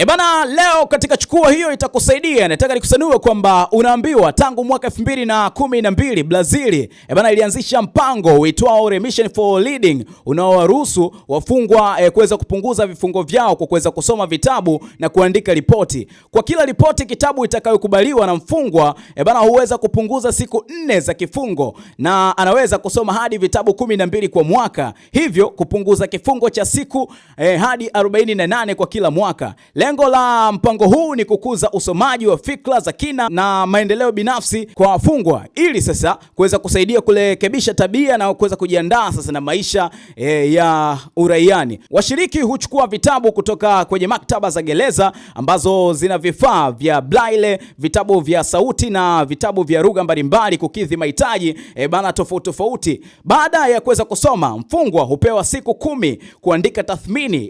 E bana, leo katika chukua hiyo itakusaidia. Nataka nikusanue kwamba unaambiwa tangu mwaka 2012 Brazil e bana ilianzisha mpango uitwao Remission for Reading unaowaruhusu wafungwa e, kuweza kupunguza vifungo vyao kwa kuweza kusoma vitabu na kuandika ripoti. Kwa kila ripoti kitabu itakayokubaliwa na mfungwa e bana huweza kupunguza siku nne za kifungo na anaweza kusoma hadi vitabu mbili kwa mwaka, hivyo kupunguza kifungo cha siku e, hadi 48 kwa kila mwaka. Leo Lengo la mpango huu ni kukuza usomaji wa fikra za kina na maendeleo binafsi kwa wafungwa ili sasa kuweza kusaidia kurekebisha tabia na kuweza kujiandaa sasa na maisha e, ya uraiani. Washiriki huchukua vitabu kutoka kwenye maktaba za gereza ambazo zina vifaa vya braille, vitabu vya sauti na vitabu vya lugha mbalimbali kukidhi mahitaji e, bana tofauti tofauti. Baada ya kuweza kusoma, mfungwa hupewa siku kumi kuandika tathmini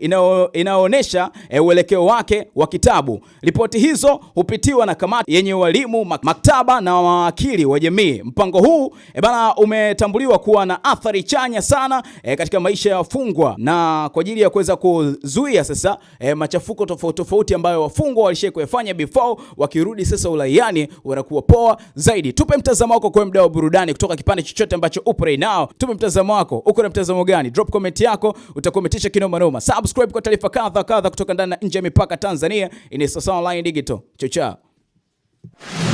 inayoonyesha e, uelekeo wake wake wa kitabu. Ripoti hizo hupitiwa na kamati yenye walimu, maktaba na mawakili wa jamii. Mpango huu e bana, umetambuliwa kuwa na athari chanya sana e, katika maisha ya wafungwa na kwa ajili ya kuweza kuzuia sasa e, machafuko tofauti tofauti ambayo wafungwa walishia kuyafanya before, wakirudi sasa uraiani wanakuwa poa zaidi. Tupe mtazamo wako kwa mda wa burudani kutoka kipande chochote ambacho upo right now. Tupe mtazamo wako, uko na mtazamo gani? Drop comment yako, utakometisha kinoma noma. Subscribe kwa taarifa kadha kadha kutoka ndani na nje ya mipaka. Tanzania ini Sasa Online Digital. Chao chao.